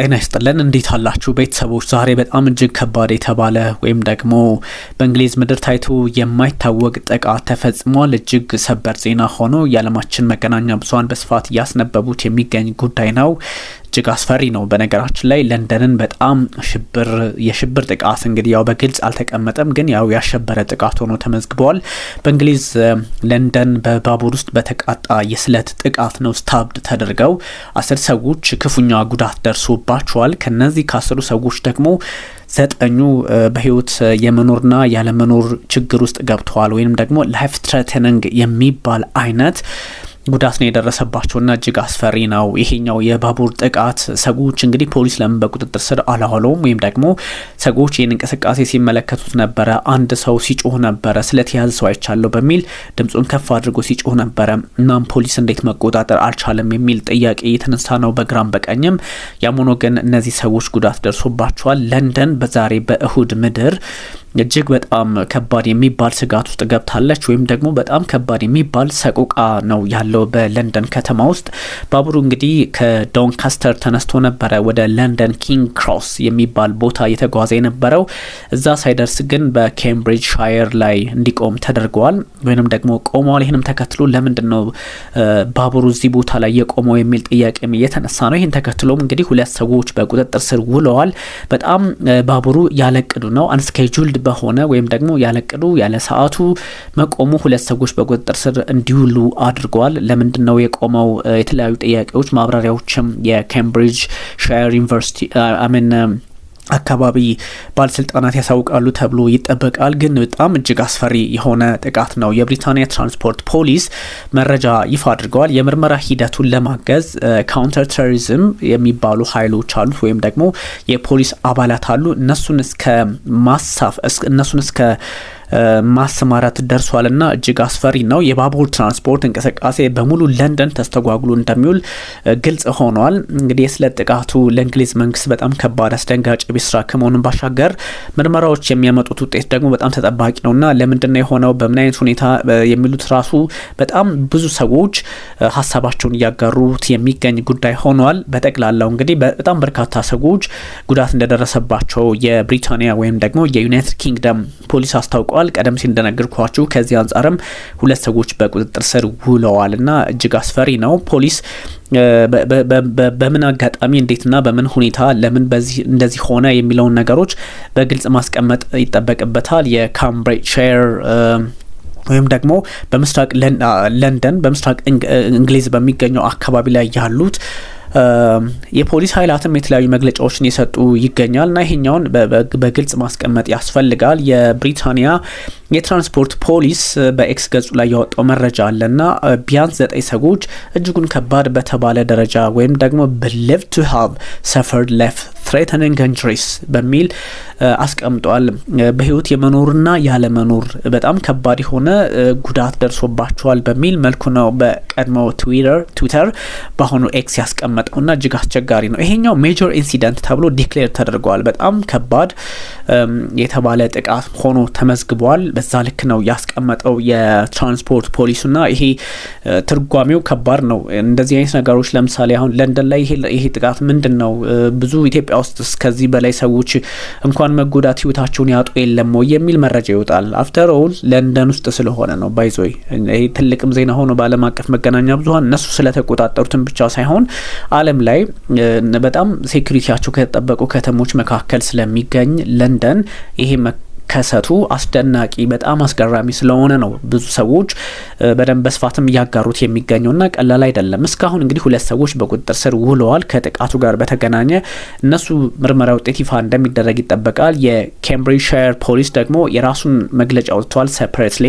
ጤና ይስጥልን እንዴት አላችሁ ቤተሰቦች? ዛሬ በጣም እጅግ ከባድ የተባለ ወይም ደግሞ በእንግሊዝ ምድር ታይቶ የማይታወቅ ጥቃት ተፈጽሟል። እጅግ ሰበር ዜና ሆኖ የዓለማችን መገናኛ ብዙኃን በስፋት እያስነበቡት የሚገኝ ጉዳይ ነው። እጅግ አስፈሪ ነው። በነገራችን ላይ ለንደንን በጣም ሽብር የሽብር ጥቃት እንግዲህ ያው በግልጽ አልተቀመጠም፣ ግን ያው ያሸበረ ጥቃት ሆኖ ተመዝግበዋል። በእንግሊዝ ለንደን በባቡር ውስጥ በተቃጣ የስለት ጥቃት ነው ስታብድ ተደርገው አስር ሰዎች ክፉኛ ጉዳት ደርሶባቸዋል። ከነዚህ ከአስሩ ሰዎች ደግሞ ዘጠኙ በህይወት የመኖርና ያለመኖር ችግር ውስጥ ገብተዋል ወይም ደግሞ ላይፍ ትሬተኒንግ የሚባል አይነት ጉዳት ነው የደረሰባቸውና እጅግ አስፈሪ ነው ይሄኛው የባቡር ጥቃት። ሰዎች እንግዲህ ፖሊስ ለምን በቁጥጥር ስር አላዋለውም ወይም ደግሞ ሰዎች ይህን እንቅስቃሴ ሲመለከቱት ነበረ፣ አንድ ሰው ሲጮህ ነበረ፣ ስለተያዘ ሰው አይቻለሁ በሚል ድምፁን ከፍ አድርጎ ሲጮህ ነበረ። እናም ፖሊስ እንዴት መቆጣጠር አልቻለም የሚል ጥያቄ የተነሳ ነው በግራም በቀኝም። ያም ሆኖ ግን እነዚህ ሰዎች ጉዳት ደርሶባቸዋል። ለንደን በዛሬ በእሁድ ምድር እጅግ በጣም ከባድ የሚባል ስጋት ውስጥ ገብታለች፣ ወይም ደግሞ በጣም ከባድ የሚባል ሰቆቃ ነው ያለው በለንደን ከተማ ውስጥ። ባቡሩ እንግዲህ ከዶንካስተር ተነስቶ ነበረ ወደ ለንደን ኪንግ ክሮስ የሚባል ቦታ እየተጓዘ የነበረው። እዛ ሳይደርስ ግን በኬምብሪጅ ሻየር ላይ እንዲቆም ተደርገዋል፣ ወይንም ደግሞ ቆመዋል። ይህንም ተከትሎ ለምንድን ነው ባቡሩ እዚህ ቦታ ላይ የቆመው የሚል ጥያቄም እየተነሳ ነው። ይህን ተከትሎም እንግዲህ ሁለት ሰዎች በቁጥጥር ስር ውለዋል። በጣም ባቡሩ ያለቅዱ ነው አንስኬጁልድ በሆነ ወይም ደግሞ ያለቅዱ ያለ ሰዓቱ መቆሙ ሁለት ሰዎች በቁጥጥር ስር እንዲውሉ አድርገዋል። ለምንድን ነው የቆመው? የተለያዩ ጥያቄዎች ማብራሪያዎችም የኬምብሪጅ ሻየር ዩኒቨርሲቲ አሜን አካባቢ ባለስልጣናት ያሳውቃሉ ተብሎ ይጠበቃል። ግን በጣም እጅግ አስፈሪ የሆነ ጥቃት ነው። የብሪታንያ ትራንስፖርት ፖሊስ መረጃ ይፋ አድርገዋል። የምርመራ ሂደቱን ለማገዝ ካውንተር ቴሮሪዝም የሚባሉ ኃይሎች አሉት ወይም ደግሞ የፖሊስ አባላት አሉ። እነሱን እስከ ማሳፍ እነሱን እስከ ማሰማራት ደርሷልና እጅግ አስፈሪ ነው። የባቡር ትራንስፖርት እንቅስቃሴ በሙሉ ለንደን ተስተጓጉሎ እንደሚውል ግልጽ ሆኗል። እንግዲህ ስለ ጥቃቱ ለእንግሊዝ መንግስት በጣም ከባድ አስደንጋጭ ቤት ስራ ከመሆኑን ባሻገር ምርመራዎች የሚያመጡት ውጤት ደግሞ በጣም ተጠባቂ ነውና ለምንድነው የሆነው በምን አይነት ሁኔታ የሚሉት ራሱ በጣም ብዙ ሰዎች ሀሳባቸውን እያጋሩት የሚገኝ ጉዳይ ሆኗል። በጠቅላላው እንግዲህ በጣም በርካታ ሰዎች ጉዳት እንደደረሰባቸው የብሪታንያ ወይም ደግሞ የዩናይትድ ኪንግደም ፖሊስ አስታውቋል። ተለቀዋል። ቀደም ሲል እንደነገርኳችሁ ከዚህ አንጻርም ሁለት ሰዎች በቁጥጥር ስር ውለዋልና እጅግ አስፈሪ ነው። ፖሊስ በምን አጋጣሚ እንዴትና በምን ሁኔታ ለምን በዚህ እንደዚህ ሆነ የሚለውን ነገሮች በግልጽ ማስቀመጥ ይጠበቅበታል። የካምብሪጅሻየር ወይም ደግሞ በምስራቅ ለንደን በምስራቅ እንግሊዝ በሚገኘው አካባቢ ላይ ያሉት የፖሊስ ኃይላትም የተለያዩ መግለጫዎችን የሰጡ ይገኛል እና ይሄኛውን በግልጽ ማስቀመጥ ያስፈልጋል። የብሪታንያ የትራንስፖርት ፖሊስ በኤክስ ገጹ ላይ ያወጣው መረጃ አለና ቢያንስ ዘጠኝ ሰዎች እጅጉን ከባድ በተባለ ደረጃ ወይም ደግሞ ብሊቭድ ቱ ሃቭ ሰፈርድ ሌፍ ትሬተኒንግ ካንትሪስ በሚል አስቀምጧል። በህይወት የመኖርና ያለመኖር በጣም ከባድ የሆነ ጉዳት ደርሶባቸዋል በሚል መልኩ ነው በቀድሞ ትዊተር ትዊተር በአሁኑ ኤክስ ያስቀመጠውና እጅግ አስቸጋሪ ነው። ይሄኛው ሜጆር ኢንሲደንት ተብሎ ዲክሌር ተደርገዋል። በጣም ከባድ የተባለ ጥቃት ሆኖ ተመዝግቧል። በዛ ልክ ነው ያስቀመጠው የትራንስፖርት ፖሊሱና ይሄ ትርጓሜው ከባድ ነው። እንደዚህ አይነት ነገሮች ለምሳሌ አሁን ለንደን ላይ ይሄ ጥቃት ምንድን ነው ብዙ ኢትዮጵያ ውስጥ እስከዚህ በላይ ሰዎች እንኳን መጎዳት ህይወታቸውን ያጡ የለም ወይ የሚል መረጃ ይወጣል። አፍተር ኦል ለንደን ውስጥ ስለሆነ ነው ባይዞይ ይሄ ትልቅም ዜና ሆኖ በዓለም አቀፍ መገናኛ ብዙሀን እነሱ ስለተቆጣጠሩትን ብቻ ሳይሆን ዓለም ላይ በጣም ሴኩሪቲያቸው ከተጠበቁ ከተሞች መካከል ስለሚገኝ ለንደን ይሄ መከሰቱ አስደናቂ በጣም አስገራሚ ስለሆነ ነው ብዙ ሰዎች በደንብ በስፋትም እያጋሩት የሚገኘውና ቀላል አይደለም። እስካሁን እንግዲህ ሁለት ሰዎች በቁጥጥር ስር ውለዋል። ከጥቃቱ ጋር በተገናኘ እነሱ ምርመራ ውጤት ይፋ እንደሚደረግ ይጠበቃል። የኬምብሪጅ ሻየር ፖሊስ ደግሞ የራሱን መግለጫ ወጥቷል። ሰፕሬትሊ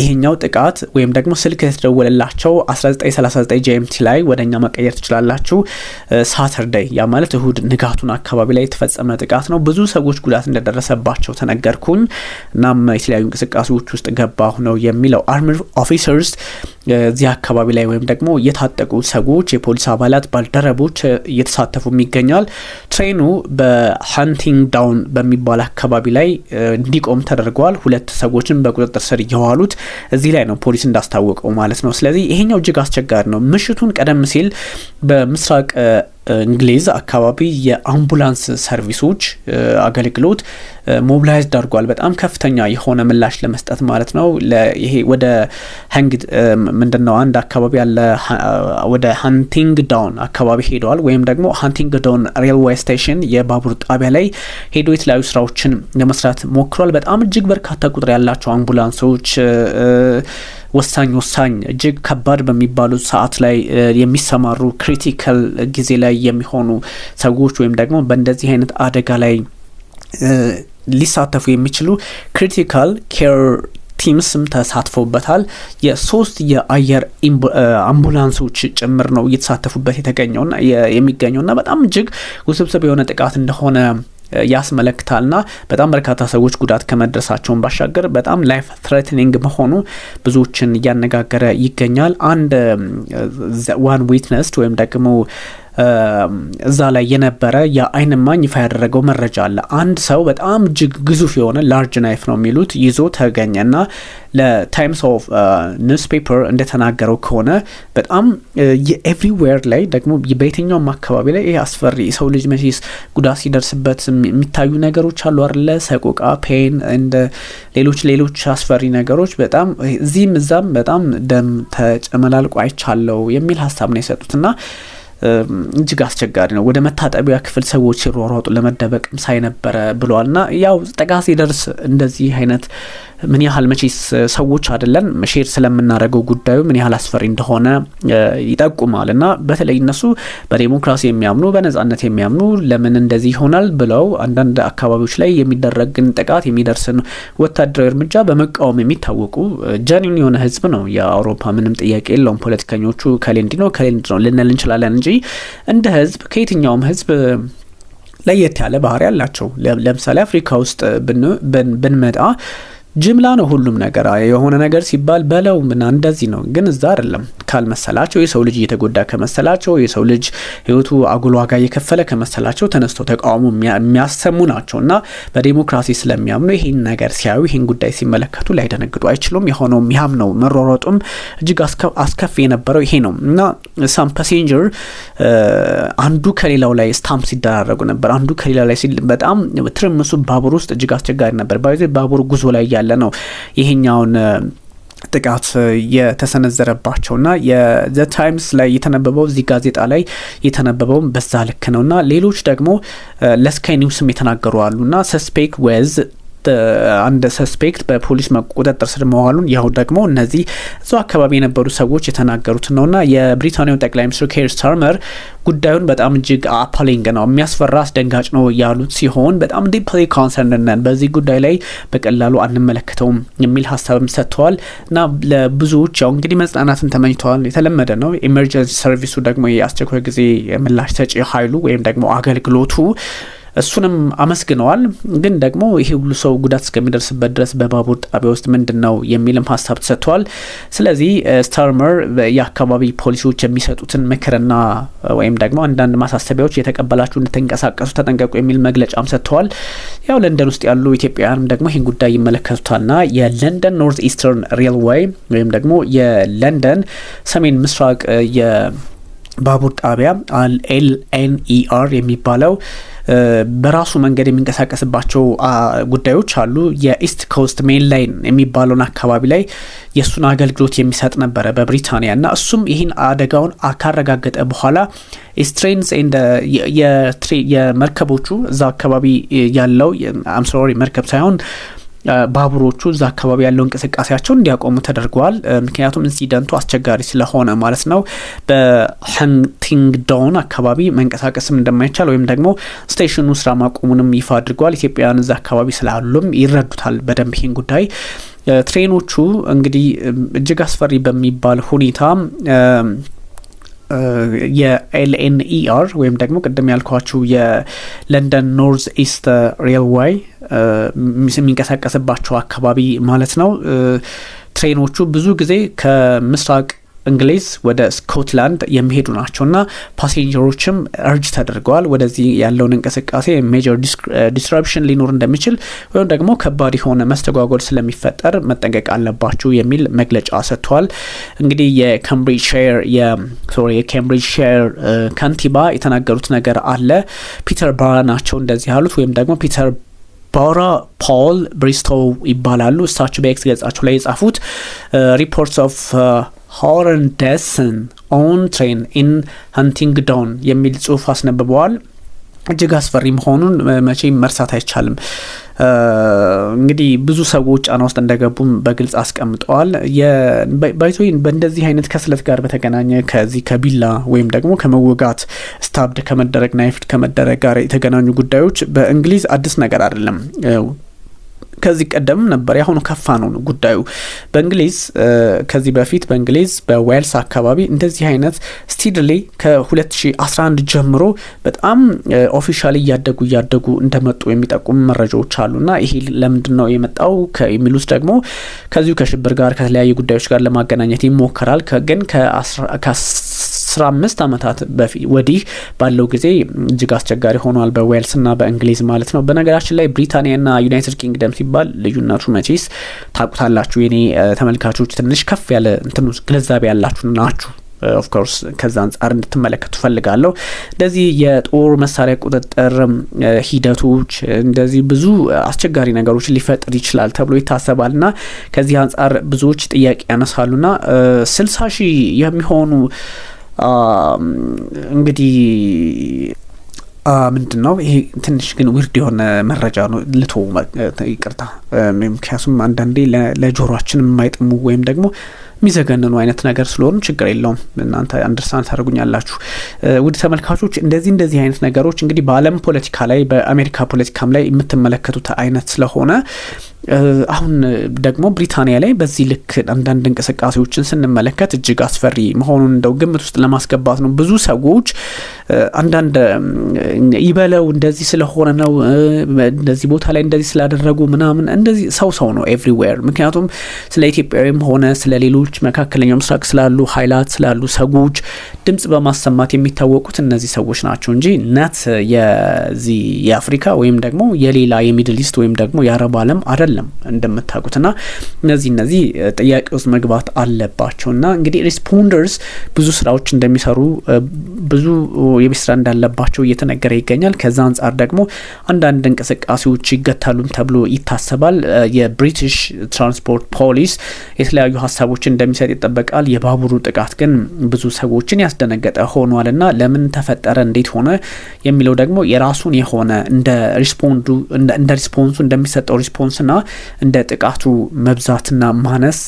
ይሄኛው ጥቃት ወይም ደግሞ ስልክ የተደወለላቸው 1939 ጂኤምቲ ላይ ወደኛ መቀየር ትችላላችሁ። ሳተርዳይ ያ ማለት እሁድ ንጋቱን አካባቢ ላይ የተፈጸመ ጥቃት ነው። ብዙ ሰዎች ጉዳት እንደደረሰባቸው ተነገርኩኝ። እናም የተለያዩ እንቅስቃሴዎች ውስጥ ገባሁ ነው የሚለው አርሚ ኦፊሰርስ እዚህ አካባቢ ላይ ወይም ደግሞ የታጠቁ ሰዎች፣ የፖሊስ አባላት፣ ባልደረቦች እየተሳተፉም ይገኛል። ትሬኑ በሀንቲንግ ዳውን በሚባል አካባቢ ላይ እንዲቆም ተደርጓል። ሁለት ሰዎችን በቁጥጥር ስር እየዋሉት እዚህ ላይ ነው ፖሊስ እንዳስታወቀው ማለት ነው። ስለዚህ ይሄኛው እጅግ አስቸጋሪ ነው። ምሽቱን ቀደም ሲል በምስራቅ እንግሊዝ አካባቢ የአምቡላንስ ሰርቪሶች አገልግሎት ሞቢላይዝ ዳርጓል። በጣም ከፍተኛ የሆነ ምላሽ ለመስጠት ማለት ነው። ይሄ ወደ ሀንግ ምንድን ነው አንድ አካባቢ ያለ ወደ ሃንቲንግ ዳውን አካባቢ ሄደዋል። ወይም ደግሞ ሃንቲንግ ዳውን ሬልዌይ ስቴሽን የባቡር ጣቢያ ላይ ሄዶ የተለያዩ ስራዎችን ለመስራት ሞክሯል። በጣም እጅግ በርካታ ቁጥር ያላቸው አምቡላንሶች ወሳኝ ወሳኝ እጅግ ከባድ በሚባሉ ሰዓት ላይ የሚሰማሩ ክሪቲካል ጊዜ ላይ የሚሆኑ ሰዎች ወይም ደግሞ በእንደዚህ አይነት አደጋ ላይ ሊሳተፉ የሚችሉ ክሪቲካል ኬር ቲምስም ተሳትፎበታል። የሶስት የአየር አምቡላንሶች ጭምር ነው እየተሳተፉበት የተገኘውና የሚገኘውና በጣም እጅግ ውስብስብ የሆነ ጥቃት እንደሆነ ያስመለክታልና በጣም በርካታ ሰዎች ጉዳት ከመድረሳቸውን ባሻገር በጣም ላይፍ ትሬትኒንግ መሆኑ ብዙዎችን እያነጋገረ ይገኛል። አንድ ዋን ዊትነስ ወይም ደግሞ እዛ ላይ የነበረ የአይን ማኝ ይፋ ያደረገው መረጃ አለ። አንድ ሰው በጣም እጅግ ግዙፍ የሆነ ላርጅ ናይፍ ነው የሚሉት ይዞ ተገኘ እና ለታይምስ ኦፍ ኒውስ ፔፐር እንደተናገረው ከሆነ በጣም የኤቭሪዌር ላይ ደግሞ በየትኛውም አካባቢ ላይ ይህ አስፈሪ ሰው ልጅ መቼስ ጉዳት ሲደርስበት የሚታዩ ነገሮች አሉ አለ ሰቆቃ፣ ፔን እንደ ሌሎች ሌሎች አስፈሪ ነገሮች በጣም እዚህም እዛም በጣም ደም ተጨመላልቆ አይቻለው የሚል ሀሳብ ነው የሰጡት እና እጅግ አስቸጋሪ ነው። ወደ መታጠቢያ ክፍል ሰዎች ሲሯሯጡ ለመደበቅም ሳይነበረ ብሏል። ና ያው ጥቃት ሲደርስ እንደዚህ አይነት ምን ያህል መቼስ ሰዎች አይደለን ሼር ስለምናደርገው ጉዳዩ ምን ያህል አስፈሪ እንደሆነ ይጠቁማል። እና በተለይ እነሱ በዴሞክራሲ የሚያምኑ በነጻነት የሚያምኑ ለምን እንደዚህ ይሆናል ብለው አንዳንድ አካባቢዎች ላይ የሚደረግን ጥቃት የሚደርስን ወታደራዊ እርምጃ በመቃወም የሚታወቁ ጀኒን የሆነ ህዝብ ነው የአውሮፓ ምንም ጥያቄ የለውም። ፖለቲከኞቹ ከሌንድ ነው ከሌንድ ነው ልንል እንችላለን እንጂ እንደ ህዝብ ከየትኛውም ህዝብ ለየት ያለ ባህሪ አላቸው። ለምሳሌ አፍሪካ ውስጥ ብንመጣ ጅምላ ነው ሁሉም ነገር። የሆነ ነገር ሲባል በለው ምና እንደዚህ ነው፣ ግን እዛ አይደለም ካልመሰላቸው የሰው ልጅ እየተጎዳ ከመሰላቸው የሰው ልጅ ህይወቱ አጉል ዋጋ እየከፈለ ከመሰላቸው ተነስተው ተቃውሞ የሚያሰሙ ናቸው እና በዴሞክራሲ ስለሚያምኑ ይህን ነገር ሲያዩ ይህን ጉዳይ ሲመለከቱ ላይደነግጡ አይችሉም። የሆነው ያም ነው። መሯሯጡም እጅግ አስከፊ የነበረው ይሄ ነው እና ሳም ፓሴንጀር አንዱ ከሌላው ላይ ስታምፕ ሲደራረጉ ነበር። አንዱ ከሌላው ላይ በጣም ትርምሱ ባቡር ውስጥ እጅግ አስቸጋሪ ነበር። ባቡር ጉዞ ላይ እያለ ነው ይህኛውን ጥቃት የተሰነዘረባቸውና የዘ ታይምስ ላይ የተነበበው እዚህ ጋዜጣ ላይ የተነበበውም በዛ ልክ እና ሌሎች ደግሞ ለስካይ ኒውስም የተናገሩ አሉና ሰስፔክ ወዝ አንድ ሰስፔክት በፖሊስ መቆጣጠር ስር መዋሉን ያው ደግሞ እነዚህ እዛው አካባቢ የነበሩ ሰዎች የተናገሩት ነውና የብሪታንያው ጠቅላይ ሚኒስትር ኬር ስታርመር ጉዳዩን በጣም እጅግ አፓሊንግ ነው የሚያስፈራ አስደንጋጭ ነው ያሉት ሲሆን በጣም ዲፕሊ ኮንሰርን ነን፣ በዚህ ጉዳይ ላይ በቀላሉ አንመለከተውም የሚል ሀሳብም ሰጥተዋል እና ለብዙዎች ያው እንግዲህ መጽናናትን ተመኝተዋል። የተለመደ ነው። ኤመርጀንሲ ሰርቪሱ ደግሞ የአስቸኳይ ጊዜ ምላሽ ሰጪ ኃይሉ ወይም ደግሞ አገልግሎቱ እሱንም አመስግነዋል። ግን ደግሞ ይሄ ሁሉ ሰው ጉዳት እስከሚደርስበት ድረስ በባቡር ጣቢያ ውስጥ ምንድን ነው የሚልም ሀሳብ ተሰጥተዋል። ስለዚህ ስታርመር የአካባቢ ፖሊሲዎች የሚሰጡትን ምክርና ወይም ደግሞ አንዳንድ ማሳሰቢያዎች የተቀበላችሁ እንድትንቀሳቀሱ ተጠንቀቁ የሚል መግለጫም ሰጥተዋል። ያው ለንደን ውስጥ ያሉ ኢትዮጵያውያንም ደግሞ ይህን ጉዳይ ይመለከቱታልና የለንደን ኖርት ኢስተርን ሬልዌይ ወይም ደግሞ የለንደን ሰሜን ምስራቅ የባቡር ጣቢያ ኤልኤንኢአር የሚባለው በራሱ መንገድ የሚንቀሳቀስባቸው ጉዳዮች አሉ። የኢስት ኮስት ሜን ላይን የሚባለውን አካባቢ ላይ የእሱን አገልግሎት የሚሰጥ ነበረ በብሪታንያ እና እሱም ይህን አደጋውን ካረጋገጠ በኋላ ስትሬንስ የመርከቦቹ እዛ አካባቢ ያለው አምሶሪ መርከብ ሳይሆን ባቡሮቹ እዛ አካባቢ ያለው እንቅስቃሴያቸውን እንዲያቆሙ ተደርገዋል። ምክንያቱም ኢንሲደንቱ አስቸጋሪ ስለሆነ ማለት ነው። በሀንቲንግዶን አካባቢ መንቀሳቀስም እንደማይቻል ወይም ደግሞ ስቴሽኑ ስራ ማቆሙንም ይፋ አድርገዋል። ኢትዮጵያውያን እዛ አካባቢ ስላሉም ይረዱታል በደንብ ይህን ጉዳይ። ትሬኖቹ እንግዲህ እጅግ አስፈሪ በሚባል ሁኔታ የኤልኤንኢአር ወይም ደግሞ ቅድም ያልኳችሁ የለንደን ኖርዝ ኢስት ሬልዌይ የሚንቀሳቀስባቸው አካባቢ ማለት ነው። ትሬኖቹ ብዙ ጊዜ ከምስራቅ እንግሊዝ ወደ ስኮትላንድ የሚሄዱ ናቸውና ፓሴንጀሮችም እርጅ ተደርገዋል። ወደዚህ ያለውን እንቅስቃሴ ሜጀር ዲስራፕሽን ሊኖር እንደሚችል ወይም ደግሞ ከባድ የሆነ መስተጓጎል ስለሚፈጠር መጠንቀቅ አለባችሁ የሚል መግለጫ ሰጥተዋል። እንግዲህ የኬምብሪጅሻየር ሶሪ የኬምብሪጅሻየር uh, ከንቲባ የተናገሩት ነገር አለ። ፒተር ባ ናቸው እንደዚህ ያሉት ወይም ደግሞ ፒተር ባራ ፓውል ብሪስቶው ይባላሉ። እሳቸው በኤክስ ገጻቸው ላይ የጻፉት ሪፖርትስ uh, ኦፍ ሆረንደስን ኦን ትሬን ኢን ሀንቲንግዶን የሚል ጽሁፍ አስነብበዋል። እጅግ አስፈሪ መሆኑን መቼም መርሳት አይቻልም። እንግዲህ ብዙ ሰዎች ጫና ውስጥ እንደገቡም በግልጽ አስቀምጠዋል። ባይቶ በእንደዚህ አይነት ከስለት ጋር በተገናኘ ከዚህ ከቢላ ወይም ደግሞ ከመወጋት ስታብድ ከመደረግ ናይፍድ ከመደረግ ጋር የተገናኙ ጉዳዮች በእንግሊዝ አዲስ ነገር አይደለም። ከዚህ ቀደም ነበር የአሁኑ ከፋ ነው ጉዳዩ። በእንግሊዝ ከዚህ በፊት በእንግሊዝ በዌልስ አካባቢ እንደዚህ አይነት ስቲድሌ ከ2011 ጀምሮ በጣም ኦፊሻል እያደጉ እያደጉ እንደመጡ የሚጠቁም መረጃዎች ና ይሄ ለምንድን ነው የመጣው የሚሉት ደግሞ ከዚሁ ከሽብር ጋር ከተለያዩ ጉዳዮች ጋር ለማገናኘት ይሞከራል ግን ከ 15 አምስት ዓመታት በፊት ወዲህ ባለው ጊዜ እጅግ አስቸጋሪ ሆኗል፣ ና በእንግሊዝ ማለት ነው። በነገራችን ላይ ብሪታንያ ና ዩናይትድ ኪንግደም ሲባል ልዩነቱ መቼስ ታቁታላችሁ የኔ ተመልካቾች ትንሽ ከፍ ያለ እንትን ግንዛቤ ያላችሁ ናችሁ። ኦፍኮርስ ከዛ አንጻር እንድትመለከቱ ፈልጋለሁ። እንደዚህ የጦር መሳሪያ ቁጥጥር ሂደቶች እንደዚህ ብዙ አስቸጋሪ ነገሮች ሊፈጥር ይችላል ተብሎ ይታሰባል ና ከዚህ አንጻር ብዙዎች ጥያቄ ያነሳሉ ና ስልሳ ሺህ የሚሆኑ እንግዲህ ምንድን ነው ይሄ? ትንሽ ግን ውርድ የሆነ መረጃ ነው። ልቶ ይቅርታ። ምክንያቱም አንዳንዴ ለጆሮችን የማይጥሙ ወይም ደግሞ የሚዘገንኑ አይነት ነገር ስለሆኑ ችግር የለውም። እናንተ አንደርስታንድ ታደርጉኛላችሁ። ውድ ተመልካቾች፣ እንደዚህ እንደዚህ አይነት ነገሮች እንግዲህ በአለም ፖለቲካ ላይ በአሜሪካ ፖለቲካም ላይ የምትመለከቱት አይነት ስለሆነ አሁን ደግሞ ብሪታንያ ላይ በዚህ ልክ አንዳንድ እንቅስቃሴዎችን ስንመለከት እጅግ አስፈሪ መሆኑን እንደው ግምት ውስጥ ለማስገባት ነው። ብዙ ሰዎች አንዳንድ ይበለው እንደዚህ ስለሆነ ነው እንደዚህ ቦታ ላይ እንደዚህ ስላደረጉ ምናምን እንደዚህ ሰው ሰው ነው ኤቭሪዌር። ምክንያቱም ስለ ኢትዮጵያዊም ሆነ ስለ ሌሎች መካከለኛው ምስራቅ ስላሉ ኃይላት ስላሉ ሰዎች ድምጽ በማሰማት የሚታወቁት እነዚህ ሰዎች ናቸው እንጂ ነት የዚህ የአፍሪካ ወይም ደግሞ የሌላ የሚድል ኢስት ወይም ደግሞ የአረብ አለም አደለ አይደለም እንደምታውቁትና እነዚህ እነዚህ ጥያቄ ውስጥ መግባት አለባቸው እና እንግዲህ ሪስፖንደርስ ብዙ ስራዎች እንደሚሰሩ ብዙ የቤት ስራ እንዳለባቸው እየተነገረ ይገኛል። ከዛ አንጻር ደግሞ አንዳንድ እንቅስቃሴዎች ይገታሉም ተብሎ ይታሰባል። የብሪቲሽ ትራንስፖርት ፖሊስ የተለያዩ ሀሳቦችን እንደሚሰጥ ይጠበቃል። የባቡሩ ጥቃት ግን ብዙ ሰዎችን ያስደነገጠ ሆኗል ና ለምን ተፈጠረ እንዴት ሆነ የሚለው ደግሞ የራሱን የሆነ እንደ ሪስፖንዱ እንደ ሪስፖንሱ እንደሚሰጠው ሪስፖንስና እንደ ጥቃቱ መብዛትና ማነስ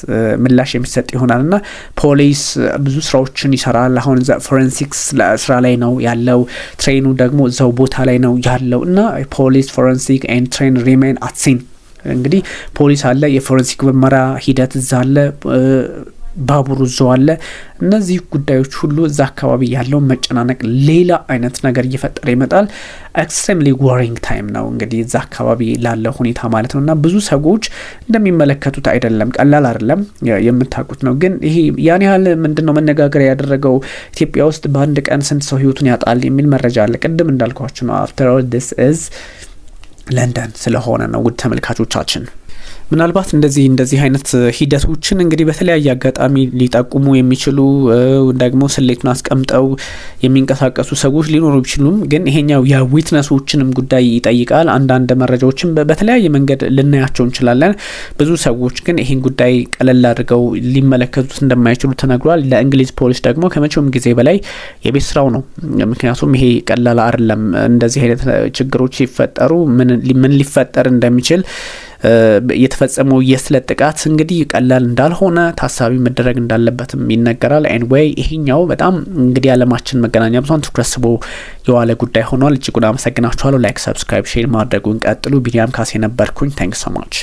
ምላሽ የሚሰጥ ይሆናል ና ፖሊስ ብዙ ስራዎችን ይሰራል። አሁን ፎረንሲክስ ስራ ላይ ነው ያለው፣ ትሬኑ ደግሞ እዛው ቦታ ላይ ነው ያለው እና ፖሊስ ፎረንሲክ ኤንድ ትሬን ሪሜን አትሲን እንግዲህ ፖሊስ አለ፣ የፎረንሲክ ምርመራ ሂደት እዛ አለ ባቡሩ እዛው አለ። እነዚህ ጉዳዮች ሁሉ እዛ አካባቢ ያለው መጨናነቅ ሌላ አይነት ነገር እየፈጠረ ይመጣል። ኤክስትሪምሊ ዋሪንግ ታይም ነው እንግዲህ እዛ አካባቢ ላለ ሁኔታ ማለት ነው እና ብዙ ሰዎች እንደሚመለከቱት አይደለም፣ ቀላል አይደለም፣ የምታውቁት ነው። ግን ይሄ ያን ያህል ምንድን ነው ያደረገው ኢትዮጵያ ውስጥ በአንድ ቀን ስንት ሰው ህይወቱን ያጣል የሚል መረጃ አለ። ቅድም እንዳልኳችሁ ነው አፍተር ኦል ዲስ ኢዝ ለንደን ስለሆነ ነው። ውድ ተመልካቾቻችን ምናልባት እንደዚህ እንደዚህ አይነት ሂደቶችን እንግዲህ በተለያየ አጋጣሚ ሊጠቁሙ የሚችሉ ደግሞ ስሌቱን አስቀምጠው የሚንቀሳቀሱ ሰዎች ሊኖሩ ቢችሉም ግን ይሄኛው የዊትነሶችንም ጉዳይ ይጠይቃል። አንዳንድ መረጃዎችን በተለያየ መንገድ ልናያቸው እንችላለን። ብዙ ሰዎች ግን ይህን ጉዳይ ቀለል አድርገው ሊመለከቱት እንደማይችሉ ተነግሯል። ለእንግሊዝ ፖሊስ ደግሞ ከመቼውም ጊዜ በላይ የቤት ስራው ነው። ምክንያቱም ይሄ ቀላል አይደለም። እንደዚህ አይነት ችግሮች ሲፈጠሩ ምን ሊፈጠር እንደሚችል የተፈጸመው የስለት ጥቃት እንግዲህ ቀላል እንዳልሆነ ታሳቢ መደረግ እንዳለበትም ይነገራል። ኤንዌይ ይሄኛው በጣም እንግዲህ አለማችን መገናኛ ብዙኃን ትኩረት ስቦ የዋለ ጉዳይ ሆኗል። እጅጉን አመሰግናችኋለሁ። ላይክ፣ ሰብስክራይብ፣ ሼር ማድረጉን ቀጥሉ። ቢኒያም ካሴ ነበርኩኝ። ታንክስ ሶ ማች